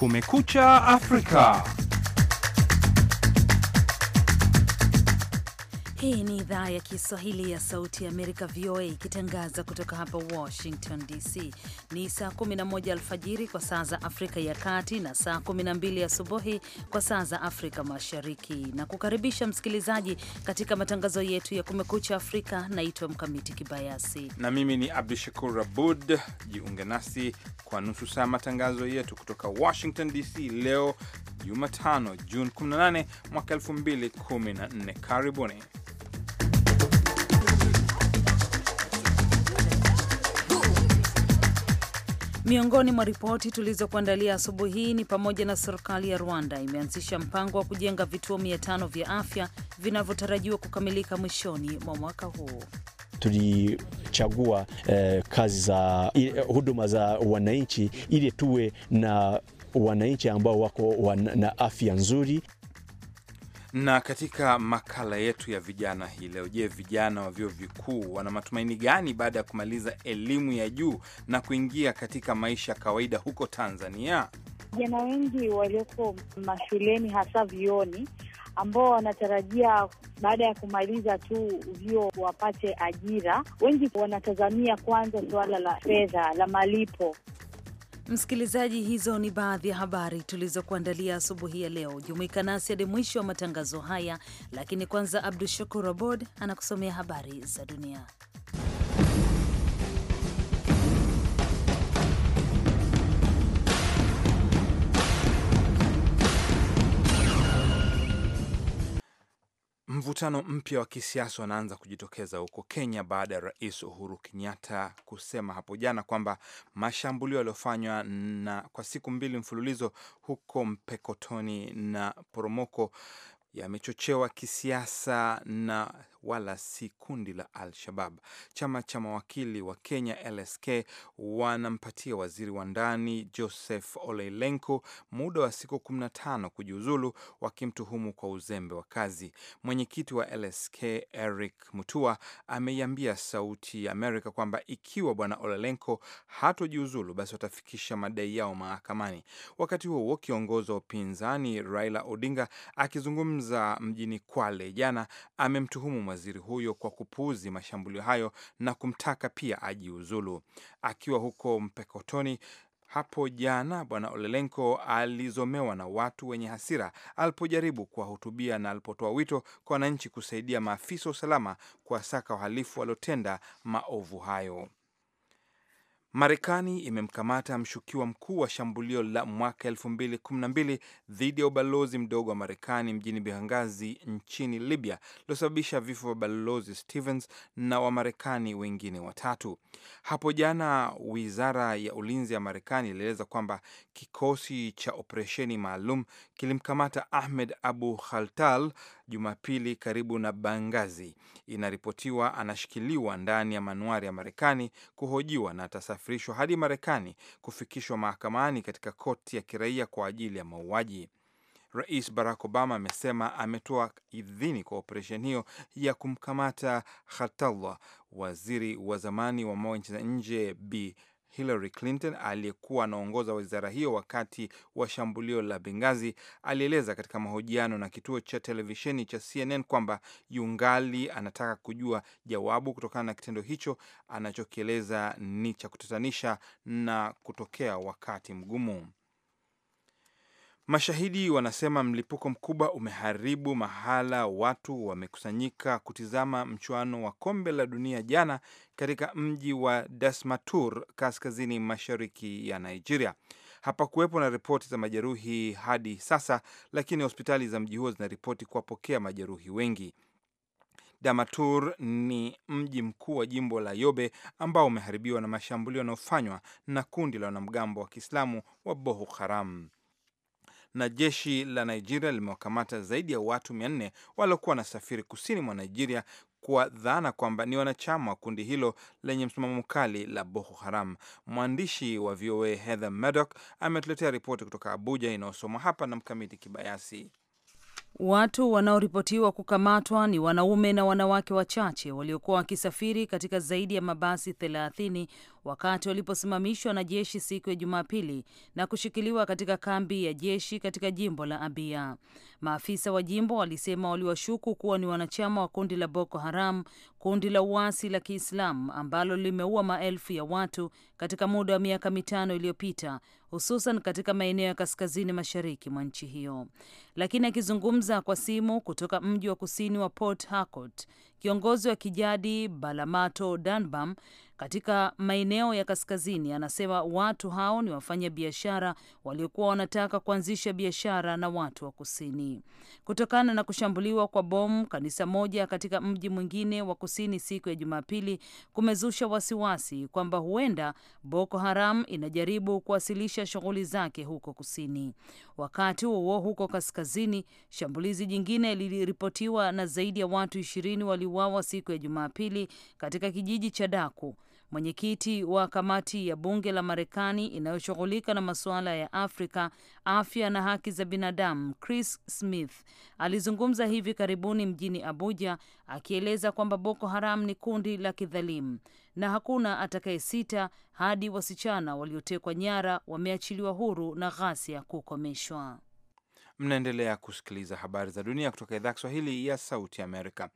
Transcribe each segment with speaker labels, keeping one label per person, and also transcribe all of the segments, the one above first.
Speaker 1: Kumekucha Afrika.
Speaker 2: Hii ni idhaa ya Kiswahili ya Sauti ya Amerika, VOA, ikitangaza kutoka hapa Washington DC. Ni saa 11 alfajiri kwa saa za Afrika ya Kati na saa 12 asubuhi kwa saa za Afrika Mashariki, na kukaribisha msikilizaji katika matangazo yetu ya Kumekucha Afrika. Naitwa Mkamiti Kibayasi
Speaker 1: na mimi ni Abdu Shakur Abud. Jiunge nasi kwa nusu saa matangazo yetu kutoka Washington DC leo Jumatano, Juni 18 mwaka 2014. Karibuni.
Speaker 2: Miongoni mwa ripoti tulizokuandalia asubuhi hii ni pamoja na serikali ya Rwanda imeanzisha mpango wa kujenga vituo t5 vya afya vinavyotarajiwa kukamilika mwishoni mwa mwaka huu.
Speaker 3: Tulichagua eh, kazi za huduma za wananchi ili tuwe na wananchi ambao wako na afya
Speaker 1: nzuri. Na katika makala yetu ya vijana hii leo, je, vijana wa vyuo vikuu wana matumaini gani baada ya kumaliza elimu ya juu na kuingia katika maisha ya kawaida huko Tanzania?
Speaker 4: Vijana wengi walioko mashuleni hasa vioni ambao wanatarajia baada ya kumaliza tu vyuo wapate ajira, wengi wanatazamia kwanza suala la fedha la malipo.
Speaker 2: Msikilizaji, hizo ni baadhi ya habari tulizokuandalia asubuhi ya leo. Jumuika nasi hadi mwisho wa matangazo haya, lakini kwanza Abdu Shakur Abod anakusomea habari za dunia.
Speaker 1: Mvutano mpya wa kisiasa unaanza kujitokeza huko Kenya baada ya Rais Uhuru Kenyatta kusema hapo jana kwamba mashambulio yaliyofanywa na kwa siku mbili mfululizo huko Mpekotoni na Poromoko yamechochewa kisiasa na wala si kundi la Al-Shabab. Chama cha mawakili wa Kenya LSK wanampatia waziri wa ndani Joseph Oleilenko muda wa siku 15 kujiuzulu, wakimtuhumu kwa uzembe wa kazi. Mwenyekiti wa LSK Eric Mutua ameiambia Sauti ya Amerika kwamba ikiwa bwana Olelenko hatojiuzulu, basi watafikisha madai yao mahakamani. Wakati huo huo, kiongozi wa upinzani Raila Odinga akizungumza mjini Kwale jana amemtuhumu waziri huyo kwa kupuuzi mashambulio hayo na kumtaka pia ajiuzulu. Akiwa huko Mpekotoni hapo jana, Bwana Olelenko alizomewa na watu wenye hasira alipojaribu kuwahutubia na alipotoa wito kwa wananchi kusaidia maafisa wa usalama kuwasaka wahalifu waliotenda maovu hayo. Marekani imemkamata mshukiwa mkuu wa shambulio la mwaka 2012 dhidi ya ubalozi mdogo wa Marekani mjini Bihangazi nchini Libya lilosababisha vifo vya balozi Stevens na Wamarekani wengine watatu. Hapo jana, wizara ya ulinzi ya Marekani ilieleza kwamba kikosi cha operesheni maalum kilimkamata Ahmed Abu Khaltal Jumapili karibu na Bangazi. Inaripotiwa anashikiliwa ndani ya manuari ya Marekani kuhojiwa na atasafirishwa hadi Marekani kufikishwa mahakamani katika koti ya kiraia kwa ajili ya mauaji. Rais Barack Obama amesema ametoa idhini kwa operesheni hiyo ya kumkamata Khatallah. Waziri wa zamani wa mambo ya nje Bi Hillary Clinton aliyekuwa anaongoza wizara hiyo wakati wa shambulio la Bengazi alieleza katika mahojiano na kituo cha televisheni cha CNN kwamba yungali anataka kujua jawabu kutokana na kitendo hicho anachokieleza ni cha kutatanisha na kutokea wakati mgumu. Mashahidi wanasema mlipuko mkubwa umeharibu mahala watu wamekusanyika kutizama mchuano wa kombe la dunia jana katika mji wa Dasmatur kaskazini mashariki ya Nigeria. Hapakuwepo na ripoti za majeruhi hadi sasa, lakini hospitali za mji huo zinaripoti kuwapokea majeruhi wengi. Damatur ni mji mkuu wa jimbo la Yobe ambao umeharibiwa na mashambulio yanayofanywa na kundi la wanamgambo wa Kiislamu wa Boko Haram na jeshi la Nigeria limewakamata zaidi ya watu nne waliokuwa wanasafiri kusini mwa Nigeria kwa dhana kwamba ni wanachama wa kundi hilo lenye msimamo mkali la Boko Haram. Mwandishi wa VOA Heather Maddock ametuletea ripoti kutoka Abuja inayosomwa hapa na Mkamiti Kibayasi.
Speaker 2: Watu wanaoripotiwa kukamatwa ni wanaume na wanawake wachache waliokuwa wakisafiri katika zaidi ya mabasi 30 wakati waliposimamishwa na jeshi siku ya Jumapili na kushikiliwa katika kambi ya jeshi katika jimbo la Abia. Maafisa wa jimbo walisema waliwashuku kuwa ni wanachama wa kundi la Boko Haram, kundi la uasi la Kiislamu ambalo limeua maelfu ya watu katika muda wa miaka mitano iliyopita, hususan katika maeneo ya kaskazini mashariki mwa nchi hiyo. Lakini akizungumza kwa simu kutoka mji wa kusini wa Port Harcourt, kiongozi wa kijadi Balamato Danbam katika maeneo ya kaskazini. Anasema watu hao ni wafanya biashara waliokuwa wanataka kuanzisha biashara na watu wa kusini. Kutokana na kushambuliwa kwa bomu kanisa moja katika mji mwingine wa kusini siku ya Jumapili, kumezusha wasiwasi kwamba huenda Boko Haram inajaribu kuwasilisha shughuli zake huko kusini. Wakati huo huko kaskazini, shambulizi jingine liliripotiwa na zaidi ya watu ishirini waliuawa siku ya Jumapili katika kijiji cha Daku Mwenyekiti wa kamati ya bunge la Marekani inayoshughulika na masuala ya Afrika, afya na haki za binadamu, Chris Smith alizungumza hivi karibuni mjini Abuja akieleza kwamba Boko Haram ni kundi la kidhalimu na hakuna atakayesita hadi wasichana waliotekwa nyara wameachiliwa huru na ghasia kukomeshwa.
Speaker 1: Mnaendelea kusikiliza habari za dunia kutoka idhaa Kiswahili ya sauti Amerika.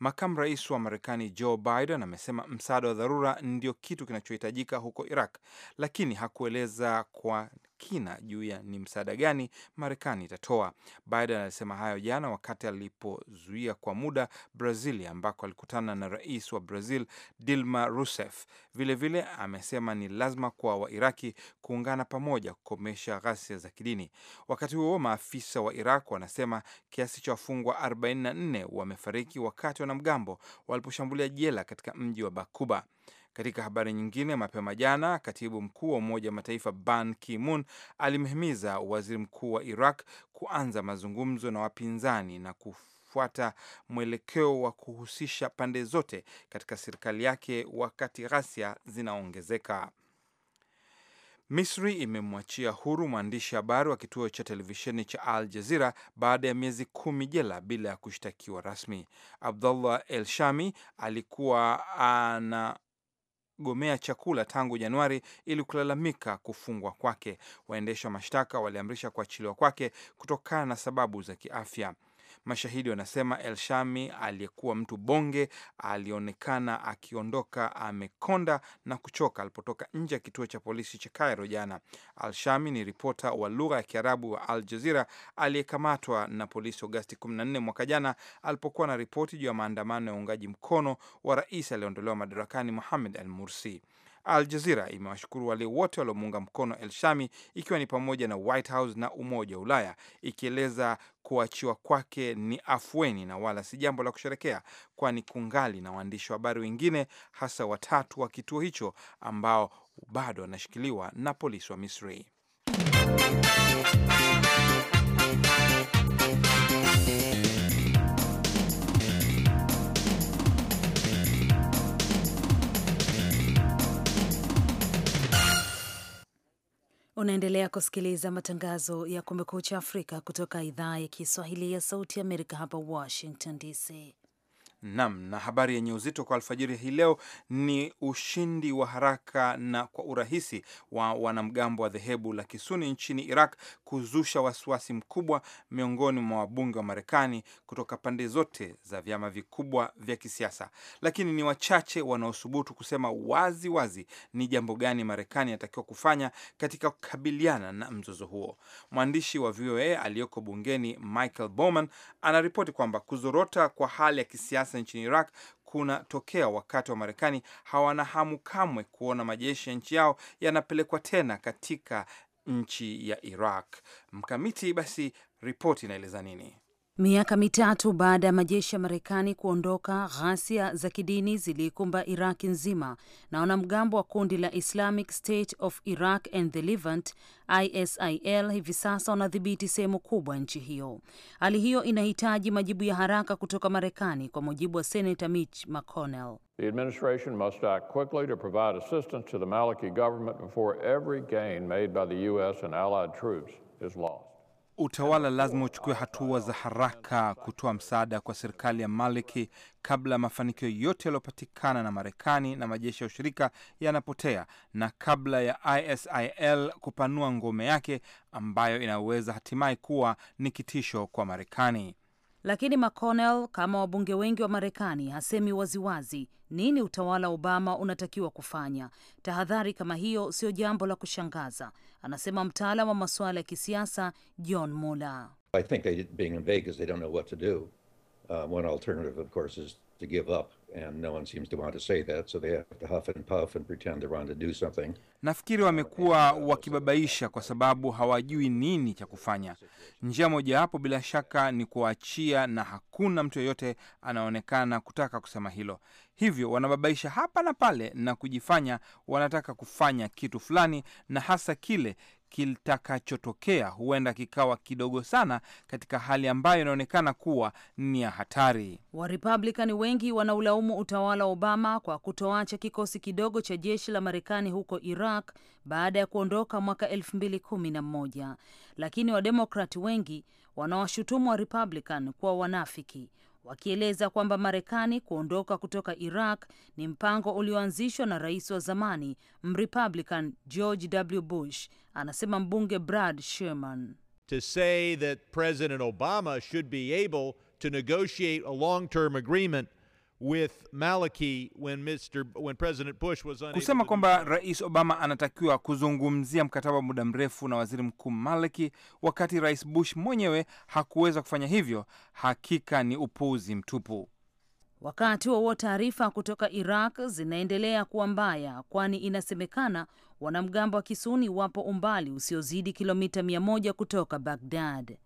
Speaker 1: Makamu rais wa Marekani Joe Biden amesema msaada wa dharura ndio kitu kinachohitajika huko Iraq, lakini hakueleza kwa kina juu ya ni msaada gani Marekani itatoa. Biden alisema hayo jana wakati alipozuia kwa muda Brazil ambako alikutana na rais wa Brazil Dilma Rousseff. Vilevile vile, amesema ni lazima kwa Wairaki kuungana pamoja kukomesha ghasia za kidini. Wakati huo maafisa wa Iraq wanasema kiasi cha wafungwa 44 wamefariki wakati wanamgambo waliposhambulia jela katika mji wa Bakuba. Katika habari nyingine, mapema jana, katibu mkuu wa Umoja wa Mataifa Ban Ki-moon alimhimiza waziri mkuu wa Iraq kuanza mazungumzo na wapinzani na kufuata mwelekeo wa kuhusisha pande zote katika serikali yake wakati ghasia zinaongezeka. Misri imemwachia huru mwandishi habari wa kituo cha televisheni cha Al Jazira baada ya miezi kumi jela bila ya kushtakiwa rasmi. Abdullah El Shami alikuwa ana gomea chakula tangu Januari ili kulalamika kufungwa kwake. Waendesha mashtaka waliamrisha kuachiliwa kwake kutokana na sababu za kiafya. Mashahidi wanasema el shami aliyekuwa mtu bonge alionekana akiondoka amekonda na kuchoka alipotoka nje ya kituo cha polisi cha Cairo jana. al shami ni ripota wa lugha ya Kiarabu wa Al Jazira aliyekamatwa na polisi Agosti 14 mwaka jana alipokuwa na ripoti juu ya maandamano ya uungaji mkono wa rais aliyeondolewa madarakani muhammed Al Mursi. Al Jazira imewashukuru wale wote waliomuunga mkono El Shami, ikiwa ni pamoja na White House na Umoja wa Ulaya, ikieleza kuachiwa kwake ni afueni na wala si jambo la kusherekea, kwani kungali na waandishi wa habari wengine hasa watatu wa kituo hicho ambao bado wanashikiliwa na polisi wa Misri.
Speaker 2: Unaendelea kusikiliza matangazo ya Kumekucha Afrika kutoka idhaa ya Kiswahili ya Sauti ya Amerika hapa Washington DC.
Speaker 1: Nam na habari yenye uzito kwa alfajiri hii leo ni ushindi wa haraka na kwa urahisi wa wanamgambo wa dhehebu la Kisuni nchini Iraq kuzusha wasiwasi mkubwa miongoni mwa wabunge wa Marekani kutoka pande zote za vyama vikubwa vya kisiasa, lakini ni wachache wanaothubutu kusema wazi wazi ni jambo gani Marekani inatakiwa kufanya katika kukabiliana na mzozo huo. Mwandishi wa VOA aliyoko bungeni Michael Bowman anaripoti kwamba kuzorota kwa hali ya kisiasa kisiasa nchini Iraq kunatokea wakati wa Marekani hawana hamu kamwe kuona majeshi ya nchi yao yanapelekwa tena katika nchi ya Iraq. Mkamiti, basi ripoti inaeleza nini?
Speaker 2: Miaka mitatu baada ya majeshi ya Marekani kuondoka, ghasia za kidini ziliikumba Iraki nzima na wanamgambo wa kundi la Islamic State of Iraq and the Levant ISIL hivi sasa wanadhibiti sehemu kubwa ya nchi hiyo. Hali hiyo inahitaji majibu ya haraka kutoka Marekani, kwa mujibu wa Senata Mitch McConnell.
Speaker 5: The administration must act quickly to provide assistance to the Maliki government before every gain made by the U.S. and allied troops is lost.
Speaker 1: Utawala lazima uchukue hatua za haraka kutoa msaada kwa serikali ya Maliki kabla mafanikio yote yaliyopatikana na Marekani na majeshi ya ushirika yanapotea na kabla ya ISIL kupanua ngome yake ambayo inaweza hatimaye kuwa ni kitisho kwa Marekani.
Speaker 2: Lakini McConnell kama wabunge wengi wa Marekani hasemi waziwazi nini utawala wa Obama unatakiwa kufanya. Tahadhari kama hiyo sio jambo la kushangaza, anasema mtaalam wa masuala ya kisiasa John Muller
Speaker 6: to give up and no one seems to want to say that so they have to huff and puff and pretend they want to do something.
Speaker 1: Nafikiri wamekuwa wakibabaisha kwa sababu hawajui nini cha kufanya. Njia mojawapo bila shaka ni kuachia, na hakuna mtu yeyote anaonekana kutaka kusema hilo, hivyo wanababaisha hapa na pale na kujifanya wanataka kufanya kitu fulani, na hasa kile kitakachotokea huenda kikawa kidogo sana katika hali ambayo inaonekana kuwa ni ya hatari.
Speaker 2: Warepublikani wengi wanaulaumu utawala wa Obama kwa kutoacha kikosi kidogo cha jeshi la Marekani huko Iraq baada ya kuondoka mwaka elfu mbili kumi na moja, lakini Wademokrati wengi wanawashutumu Warepublican kuwa wanafiki wakieleza kwamba Marekani kuondoka kutoka Iraq ni mpango ulioanzishwa na rais wa zamani Mrepublican George W. Bush, anasema mbunge Brad Sherman.
Speaker 7: To say that President Obama should be able to negotiate a long-term agreement With Maliki when Mr. when President Bush was kusema
Speaker 1: kwamba Rais Obama anatakiwa kuzungumzia mkataba wa muda mrefu na Waziri Mkuu Maliki wakati Rais Bush mwenyewe hakuweza kufanya hivyo, hakika ni upuuzi mtupu.
Speaker 2: Wakati huo taarifa kutoka Iraq zinaendelea kuwa mbaya, kwani inasemekana wanamgambo wa Kisuni wapo umbali usiozidi kilomita 1 kutoka Bagdad.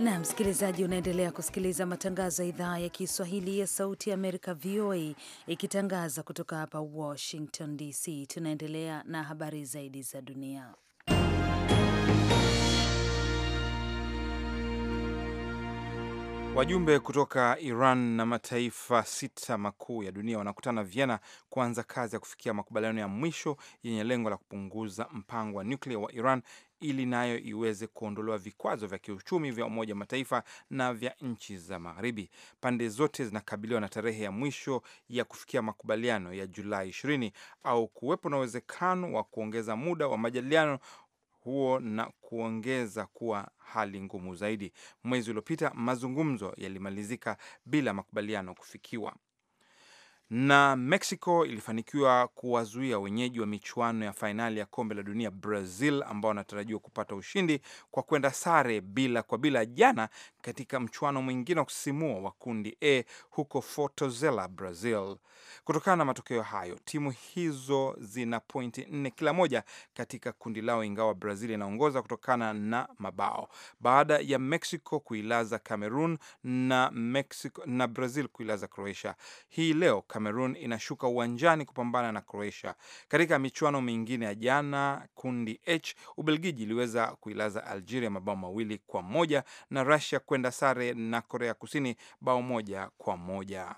Speaker 2: na msikilizaji, unaendelea kusikiliza matangazo ya idhaa ya Kiswahili ya Sauti ya Amerika, VOA, ikitangaza kutoka hapa Washington DC. Tunaendelea na habari zaidi za dunia.
Speaker 1: Wajumbe kutoka Iran na mataifa sita makuu ya dunia wanakutana Vienna kuanza kazi ya kufikia makubaliano ya mwisho yenye lengo la kupunguza mpango wa nyuklia wa Iran ili nayo iweze kuondolewa vikwazo vya kiuchumi vya Umoja Mataifa na vya nchi za Magharibi. Pande zote zinakabiliwa na tarehe ya mwisho ya kufikia makubaliano ya Julai 20 au kuwepo na uwezekano wa kuongeza muda wa majadiliano huo na kuongeza kuwa hali ngumu zaidi. Mwezi uliopita mazungumzo yalimalizika bila makubaliano kufikiwa na Mexico ilifanikiwa kuwazuia wenyeji wa michuano ya fainali ya kombe la dunia Brazil, ambao wanatarajiwa kupata ushindi kwa kwenda sare bila kwa bila jana katika mchuano mwingine wa kusisimua wa kundi A huko Fortaleza, Brazil. Kutokana na matokeo hayo, timu hizo zina pointi nne kila moja katika kundi lao, ingawa Brazil inaongoza kutokana na mabao baada ya Mexico kuilaza Cameroon na Mexico, na Brazil kuilaza Croatia hii leo. Cameroon inashuka uwanjani kupambana na Croatia. Katika michuano mingine ya jana, kundi H, Ubelgiji iliweza kuilaza Algeria mabao mawili kwa moja na Russia kwenda sare na Korea Kusini bao moja kwa moja.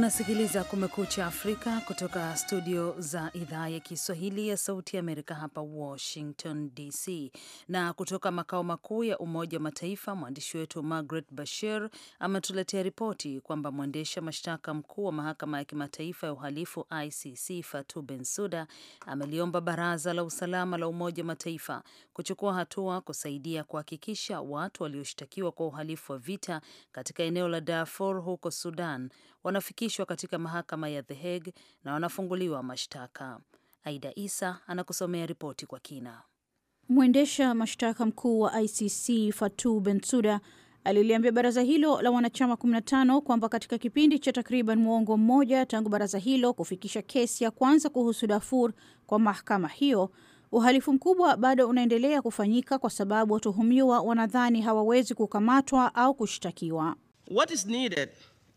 Speaker 2: Unasikiliza Kumekucha Afrika kutoka studio za idhaa ya Kiswahili ya Sauti Amerika hapa Washington DC, na kutoka makao makuu ya Umoja wa Mataifa, mwandishi wetu Margaret Bashir ametuletea ripoti kwamba mwendesha mashtaka mkuu wa Mahakama ya Kimataifa ya Uhalifu ICC fatu bensuda ameliomba Baraza la Usalama la Umoja wa Mataifa kuchukua hatua kusaidia kuhakikisha watu walioshtakiwa kwa uhalifu wa vita katika eneo la Darfur huko Sudan wanafikishwa katika mahakama ya The Hague na wanafunguliwa mashtaka. Aida Isa anakusomea ripoti kwa kina.
Speaker 6: Mwendesha mashtaka mkuu wa ICC Fatou Bensouda aliliambia baraza hilo la wanachama 15 kwamba katika kipindi cha takriban mwongo mmoja tangu baraza hilo kufikisha kesi ya kwanza kuhusu Darfur kwa mahakama hiyo, uhalifu mkubwa bado unaendelea kufanyika kwa sababu watuhumiwa wanadhani hawawezi kukamatwa au kushtakiwa.
Speaker 3: What is needed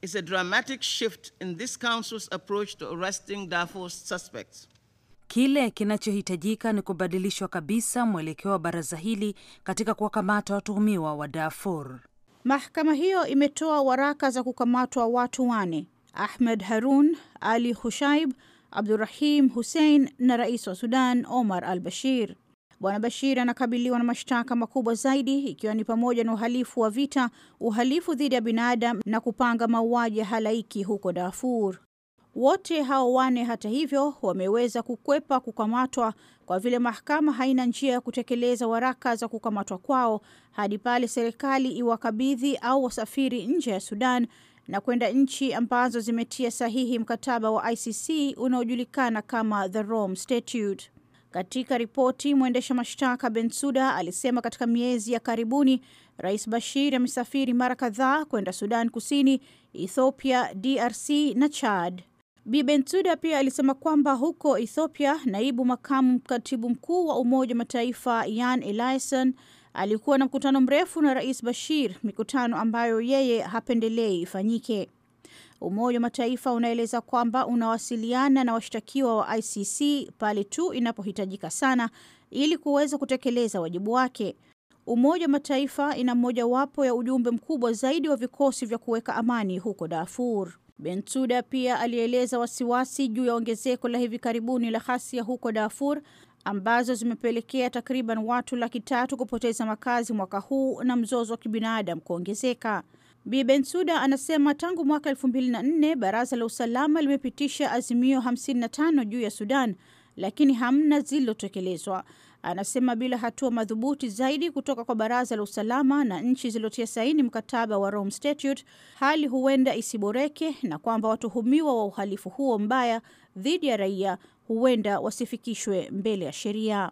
Speaker 3: is a dramatic shift in this council's approach to arresting Darfur's suspects.
Speaker 2: Kile kinachohitajika ni kubadilishwa kabisa mwelekeo wa baraza hili katika kuwakamata watuhumiwa wa Darfur.
Speaker 6: Mahakama hiyo imetoa waraka za kukamatwa watu wane: Ahmed Harun, Ali Hushaib, Abdurahim Hussein na rais wa Sudan Omar al Bashir. Bwana Bashir anakabiliwa na mashtaka makubwa zaidi ikiwa ni pamoja na uhalifu wa vita, uhalifu dhidi ya binadamu na kupanga mauaji ya halaiki huko Darfur. Wote hao wane, hata hivyo, wameweza kukwepa kukamatwa kwa vile mahakama haina njia ya kutekeleza waraka za kukamatwa kwao hadi pale serikali iwakabidhi au wasafiri nje ya Sudan na kwenda nchi ambazo zimetia sahihi mkataba wa ICC unaojulikana kama The Rome Statute. Katika ripoti, mwendesha mashtaka Bensuda alisema katika miezi ya karibuni Rais Bashir amesafiri mara kadhaa kwenda Sudan Kusini, Ethiopia, DRC na Chad. Bi Bensuda pia alisema kwamba huko Ethiopia, naibu makamu katibu mkuu wa Umoja wa Mataifa Yan Elison alikuwa na mkutano mrefu na Rais Bashir, mikutano ambayo yeye hapendelei ifanyike. Umoja wa Mataifa unaeleza kwamba unawasiliana na washtakiwa wa ICC pale tu inapohitajika sana ili kuweza kutekeleza wajibu wake. Umoja wa Mataifa ina mmojawapo ya ujumbe mkubwa zaidi wa vikosi vya kuweka amani huko Darfur. Bensuda pia alieleza wasiwasi juu ya ongezeko la hivi karibuni la ghasia huko Darfur ambazo zimepelekea takriban watu laki tatu kupoteza makazi mwaka huu na mzozo wa kibinadamu kuongezeka. Bi Bensuda anasema tangu mwaka 2004 baraza la usalama limepitisha azimio 55 juu ya Sudan, lakini hamna zililotekelezwa. Anasema bila hatua madhubuti zaidi kutoka kwa baraza la usalama na nchi zilizotia saini mkataba wa Rome Statute, hali huenda isiboreke na kwamba watuhumiwa wa uhalifu huo mbaya dhidi ya raia huenda wasifikishwe mbele ya sheria.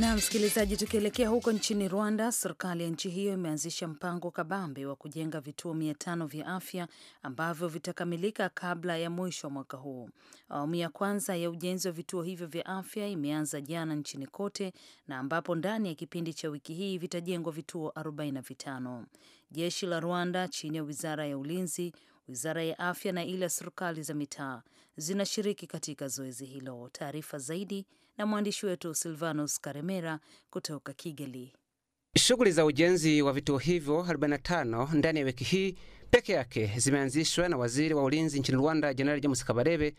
Speaker 2: Na msikilizaji, tukielekea huko nchini Rwanda, serikali ya nchi hiyo imeanzisha mpango kabambe wa kujenga vituo mia tano vya afya ambavyo vitakamilika kabla ya mwisho wa mwaka huu. Awamu ya kwanza ya ujenzi wa vituo hivyo vya afya imeanza jana nchini kote, na ambapo ndani ya kipindi cha wiki hii vitajengwa vituo 45. Jeshi la Rwanda chini ya wizara ya ulinzi wizara ya afya na ile ya serikali za mitaa zinashiriki katika zoezi hilo. Taarifa zaidi na mwandishi wetu Silvanus Karemera kutoka Kigali.
Speaker 5: Shughuli za ujenzi wa vituo hivyo 45 ndani ya wiki hii peke yake zimeanzishwa na waziri wa ulinzi nchini Rwanda, Jenerali James Kabarebe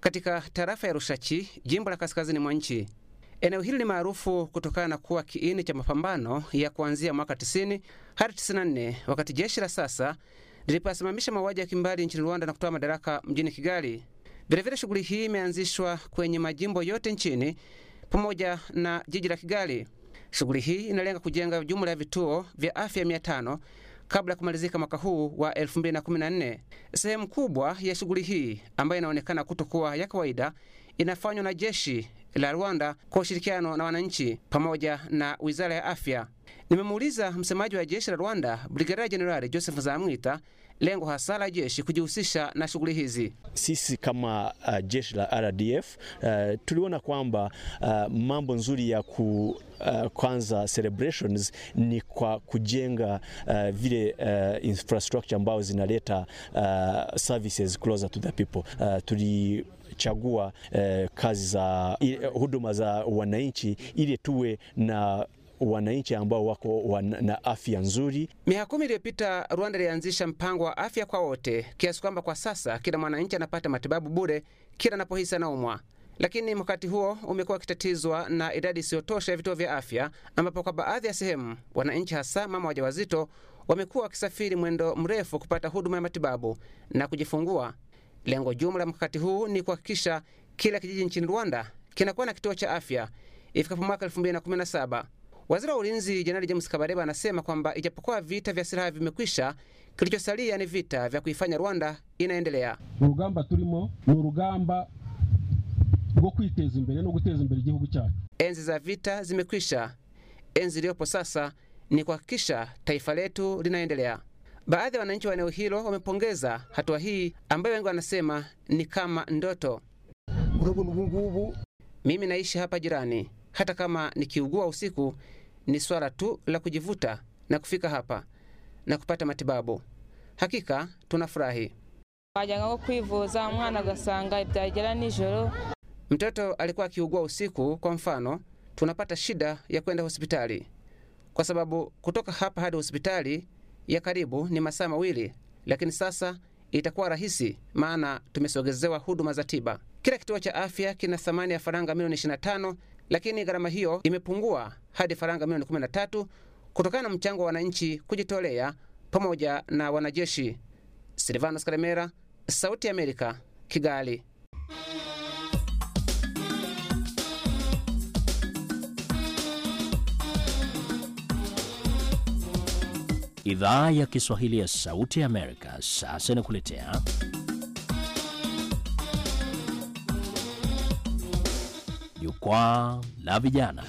Speaker 5: katika tarafa ya rushachi jimbo la kaskazini mwa nchi. Eneo hili ni maarufu kutokana na kuwa kiini cha mapambano ya kuanzia mwaka 90 hadi 94 wakati jeshi la sasa lilipasimamisha mauaji ya kimbali nchini Rwanda na kutoa madaraka mjini Kigali. Vilevile shughuli hii imeanzishwa kwenye majimbo yote nchini pamoja na jiji la Kigali. Shughuli hii inalenga kujenga jumla ya vituo vya afya mia tano kabla ya kumalizika mwaka huu wa 2014. Sehemu kubwa ya shughuli hii ambayo inaonekana kutokuwa ya kawaida inafanywa na jeshi la Rwanda kwa ushirikiano na wananchi pamoja na wizara ya afya. Nimemuuliza msemaji wa jeshi la Rwanda, Brigadier Jenerali Joseph Nzamwita lengo hasa la jeshi kujihusisha na shughuli hizi. Sisi kama uh, jeshi la RDF
Speaker 3: uh, tuliona kwamba uh, mambo nzuri ya ku Uh, kwanza celebrations ni kwa kujenga uh, vile uh, infrastructure ambazo zinaleta uh, services closer to the people uh, tuli chagua eh, uh, kazi za huduma za wananchi ili tuwe na wananchi
Speaker 1: ambao wako wana afya nzuri.
Speaker 5: Miaka kumi iliyopita Rwanda ilianzisha mpango wa afya kwa wote, kiasi kwamba kwa sasa kila mwananchi anapata matibabu bure kila anapohisi anaumwa lakini mkakati huo umekuwa ukitatizwa na idadi isiyotosha ya vituo vya afya, ambapo kwa baadhi ya sehemu wananchi, hasa mama wajawazito, wamekuwa wakisafiri mwendo mrefu kupata huduma ya matibabu na kujifungua. Lengo jumla la mkakati huu ni kuhakikisha kila kijiji nchini Rwanda kinakuwa na kituo cha afya ifikapo mwaka 2017. Waziri wa Ulinzi Jenerali James Kabarebe anasema kwamba ijapokuwa vita vya silaha vimekwisha, kilichosalia ni vita vya kuifanya Rwanda inaendelea.
Speaker 3: urugamba turimo ni urugamba rwo kwiteza imbere no guteza imbere igihugu cyacu.
Speaker 5: Enzi za vita zimekwisha, enzi iliyopo sasa ni kuhakikisha taifa letu linaendelea. Baadhi ya wananchi wa eneo hilo wamepongeza hatua hii ambayo wengi wanasema ni kama ndoto. Mimi naishi hapa jirani hata kama nikiugua usiku, ni swala tu la kujivuta na kufika hapa na kupata matibabu. Hakika tunafurahi.
Speaker 2: kwivuza mwana agasanga ibyagera nijoro.
Speaker 5: Mtoto alikuwa akiugua usiku, kwa mfano, tunapata shida ya kwenda hospitali kwa sababu kutoka hapa hadi hospitali ya karibu ni masaa mawili, lakini sasa itakuwa rahisi, maana tumesogezewa huduma za tiba. Kila kituo cha afya kina thamani ya faranga milioni 25 lakini gharama hiyo imepungua hadi faranga milioni 13 kutokana na mchango wa wananchi kujitolea pamoja na wanajeshi. Silvanos Karemera, Sauti ya Amerika, Kigali.
Speaker 3: Idhaa ya Kiswahili ya Sauti ya Amerika sasa inakuletea Jukwaa la Vijana.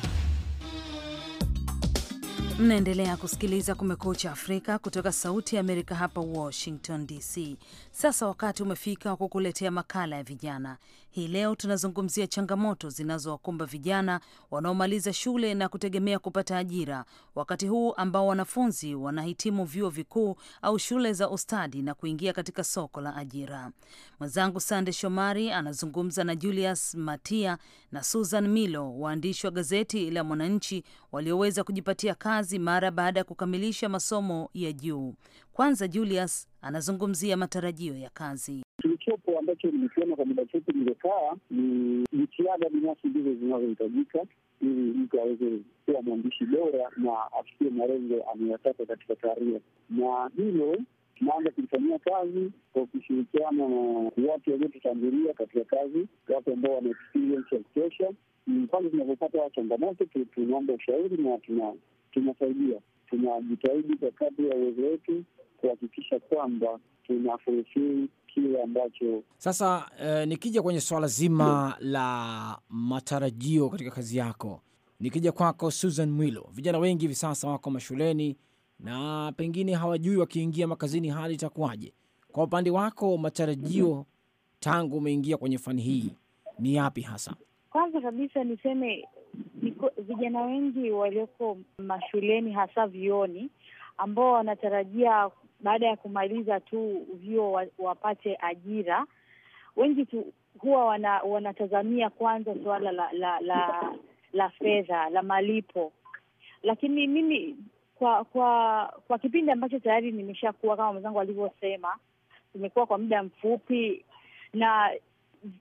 Speaker 2: Mnaendelea kusikiliza Kumekucha Afrika kutoka Sauti ya Amerika hapa Washington DC. Sasa wakati umefika wa kukuletea makala ya vijana. Hii leo tunazungumzia changamoto zinazowakumba vijana wanaomaliza shule na kutegemea kupata ajira, wakati huu ambao wanafunzi wanahitimu vyuo vikuu au shule za ustadi na kuingia katika soko la ajira. Mwenzangu Sande Shomari anazungumza na Julius Matia na Susan Milo, waandishi wa gazeti la Mwananchi walioweza kujipatia kazi mara baada ya kukamilisha masomo ya juu. Kwanza Julius anazungumzia matarajio ya kazi.
Speaker 7: Kilichopo ambacho nimekiona kwa muda chote nilokaa ni jitihada binafsi ndizo zinazohitajika ili mtu aweze kuwa mwandishi bora na afikie malengo ameyataka katika taaria. na hilo tunaanza kulifanyia kazi kwa kushirikiana na watu waliotutangulia katika kazi, watu ambao wana experience ya kutosha. Pale tunavyopata changamoto, tunaomba ushauri na tunasaidia, tunajitahidi kwa kadri ya uwezo wetu kuhakikisha kwamba tunafulfil kile ambacho
Speaker 3: sasa. eh, nikija kwenye swala zima hmm, la matarajio katika kazi yako, nikija kwako Susan Mwilo, vijana wengi hivi sasa wako mashuleni na pengine hawajui wakiingia makazini hali itakuwaje. Kwa upande wako matarajio hmm, tangu umeingia kwenye fani hii ni yapi hasa?
Speaker 4: Kwanza kabisa niseme niko, vijana wengi walioko mashuleni hasa vioni ambao wanatarajia baada ya kumaliza tu vyuo wapate ajira. Wengi tu huwa wana, wanatazamia kwanza suala la la la, la fedha la malipo, lakini mimi kwa kwa kwa kipindi ambacho tayari nimeshakuwa kama mwenzangu alivyosema, tumekuwa kwa muda mfupi na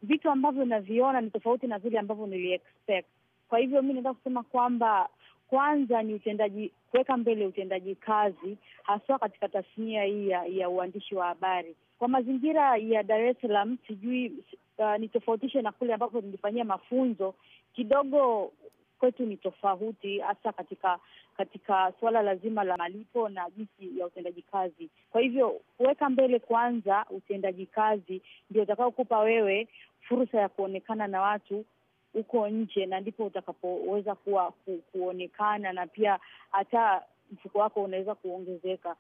Speaker 4: vitu ambavyo naviona ni tofauti na vile ambavyo nili expect. Kwa hivyo mi naweza kusema kwamba kwanza ni utendaji, kuweka mbele utendaji kazi, haswa katika tasnia hii ya, ya uandishi wa habari. Kwa mazingira ya Dar es Salaam, sijui uh, nitofautishe na kule ambapo nilifanyia mafunzo kidogo kwetu ni tofauti hasa katika katika suala lazima la malipo na jinsi ya utendaji kazi. Kwa hivyo kuweka mbele kwanza utendaji kazi ndio utakaokupa wewe fursa ya kuonekana na watu uko nje, na ndipo utakapoweza kuwa ku, kuonekana na pia hata mfuko wako unaweza kuongezeka.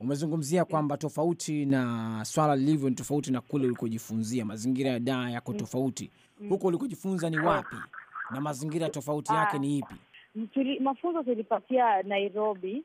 Speaker 3: Umezungumzia kwamba tofauti na swala lilivyo ni tofauti na kule ulikojifunzia, mazingira ya daa yako mm. tofauti. Mm. Huko ulikojifunza ni ah. wapi na mazingira tofauti ah. yake ni ipi?
Speaker 4: Tuli, mafunzo tulipatia Nairobi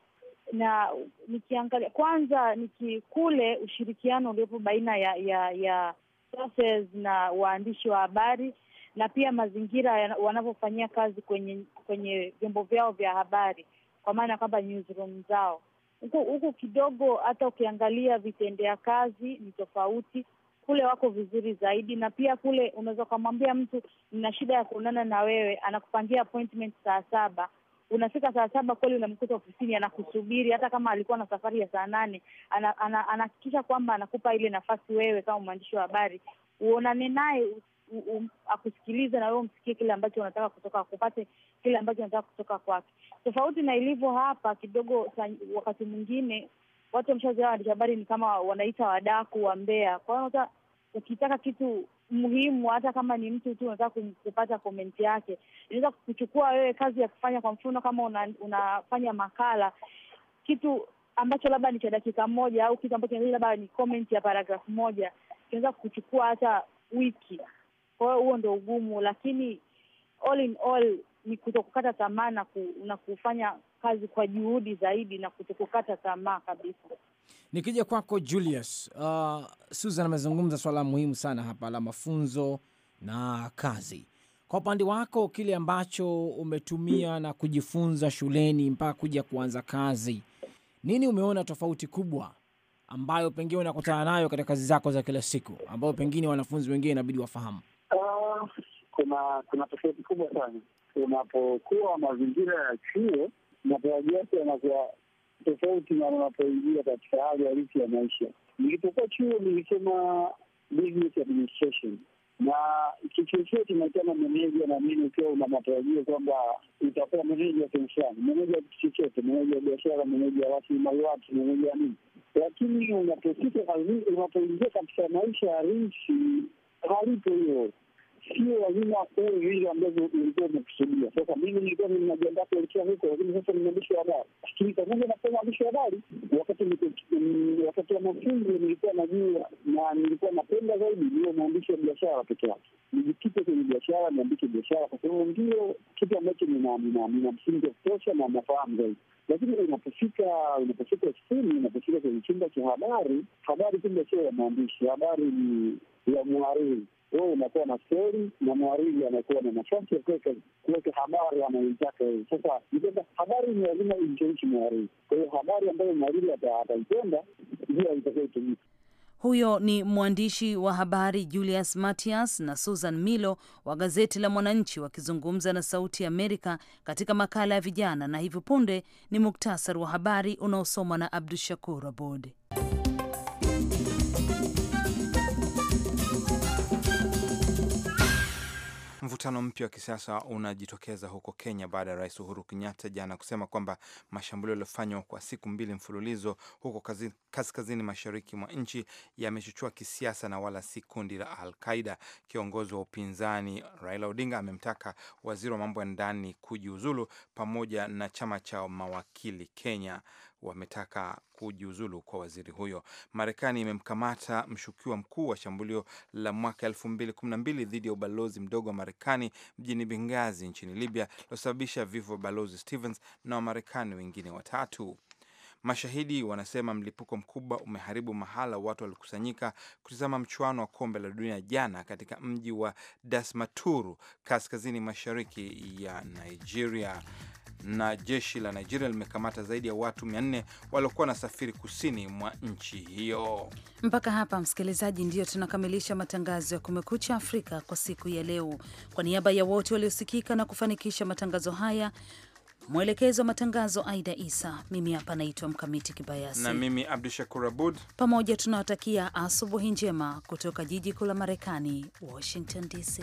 Speaker 4: na nikiangalia kwanza, nikikule ushirikiano uliopo baina ya ya ya sources na waandishi wa habari na pia mazingira wanavyofanyia kazi kwenye kwenye vyombo vyao vya habari, kwa maana kwamba newsroom zao huku huku kidogo, hata ukiangalia vitendea kazi ni tofauti. Kule wako vizuri zaidi, na pia kule unaweza ukamwambia mtu nina shida ya kuonana na wewe, anakupangia appointment saa saba unafika saa saba kweli, unamkuta ofisini anakusubiri. Hata kama alikuwa na safari ya saa nane anahakikisha ana, ana, kwamba anakupa ile nafasi wewe kama mwandishi wa habari uonane naye akusikilize na wewe umsikie kile ambacho unataka kutoka kupate kile ambacho unataka kutoka kwake, tofauti na ilivyo hapa kidogo. Wakati mwingine watu wameshazoea waandishi habari ni kama wanaita wadaku wa mbea Kwa hiyo ukitaka kitu muhimu, hata kama ni mtu tu unataka kupata komenti yake, inaweza kuchukua wewe kazi ya kufanya. Kwa mfano kama una, unafanya makala kitu ambacho labda ni cha dakika moja au kitu ambacho labda ni comment ya paragrafu moja kinaweza kuchukua hata wiki. Kwa hiyo huo ndio ugumu, lakini all in all ni kutokukata tamaa na, ku, na kufanya kazi kwa juhudi zaidi na kutokukata tamaa kabisa.
Speaker 3: Nikija kwako Julius, uh, Susan amezungumza swala muhimu sana hapa la mafunzo na kazi. Kwa upande wako, kile ambacho umetumia na kujifunza shuleni mpaka kuja kuanza kazi, nini umeona tofauti kubwa ambayo pengine unakutana nayo katika kazi zako za kila siku, ambayo pengine wanafunzi wengine inabidi wafahamu?
Speaker 7: kuna kuna tofauti kubwa sana. Unapokuwa mazingira ya chuo, matarajio yake yanakuwa tofauti na unapoingia katika hali halisi ya maisha. Nilipokuwa chuo nilisema business administration na kichuo kinaitana meneja, na nini ukiwa una matarajio kwamba utakuwa meneja sehemu fulani, meneja kitu chochote, meneja biashara, meneja rasilimali watu, meneja ya nini. Lakini unapofika unapoingia katika maisha ya halisi halipo hiyo sio lazima uwe vile ambavyo ulikuwa umekusudia. Sasa mimi nilikuwa ninajiandaa kuelekea huko, lakini sasa ni mwandishi wa habari. na kuwa mwandishi wa habari wakati wakati wa mafunzo nilikuwa najua na nilikuwa napenda zaidi niwe mwandishi wa biashara peke yake, nijikite kwenye biashara, niandike biashara, kwa sababu ndio kitu ambacho nina msingi wa kutosha na nafahamu zaidi lakini unapofika unapofika ofisini, unapofika kwenye chumba cha habari, habari kumbe sio ya mwandishi, habari ni ya mhariri wewe unakuwa na stori na mwariri anakuwa na nafasi ya kuweka habari anayoitaka wewe. Sasa nikwamba habari ni lazima imshawishi kwa hiyo habari ambayo mwariri ataipenda ndio itakayotumika.
Speaker 2: Huyo ni mwandishi wa habari Julius Matias na Susan Milo wa gazeti la Mwananchi wakizungumza na Sauti ya Amerika katika makala ya vijana, na hivi punde ni muktasari wa habari unaosomwa na Abdu Shakur Abud.
Speaker 1: Mvutano mpya wa kisiasa unajitokeza huko Kenya baada ya Rais Uhuru Kenyatta jana kusema kwamba mashambulio yaliyofanywa kwa siku mbili mfululizo huko kaskazini mashariki mwa nchi yamechochua kisiasa na wala si kundi la Al-Qaida. Kiongozi wa upinzani Raila Odinga amemtaka waziri wa mambo ya ndani kujiuzulu pamoja na chama cha mawakili Kenya wametaka kujiuzulu kwa waziri huyo. Marekani imemkamata mshukiwa mkuu wa shambulio la mwaka mbili dhidi ya ubalozi mdogo wa Marekani mjini Bengazi nchini Libya lilosababisha vifo vya balozi Stevens na Wamarekani wengine watatu. Mashahidi wanasema mlipuko mkubwa umeharibu mahala watu walikusanyika kutizama mchuano wa kombe la dunia jana katika mji wa Dasmaturu, kaskazini mashariki ya Nigeria. Na jeshi la Nigeria limekamata zaidi ya watu 400 waliokuwa wanasafiri kusini mwa nchi hiyo.
Speaker 2: Mpaka hapa, msikilizaji, ndiyo tunakamilisha matangazo ya Kumekucha Afrika kwa siku ya leo. Kwa niaba ya wote waliosikika na kufanikisha matangazo haya Mwelekezi wa matangazo Aida Isa, mimi hapa naitwa Mkamiti Kibayasi na mimi
Speaker 1: Abdu Shakur Abud.
Speaker 2: Pamoja tunawatakia asubuhi njema kutoka jiji kuu la Marekani, Washington DC.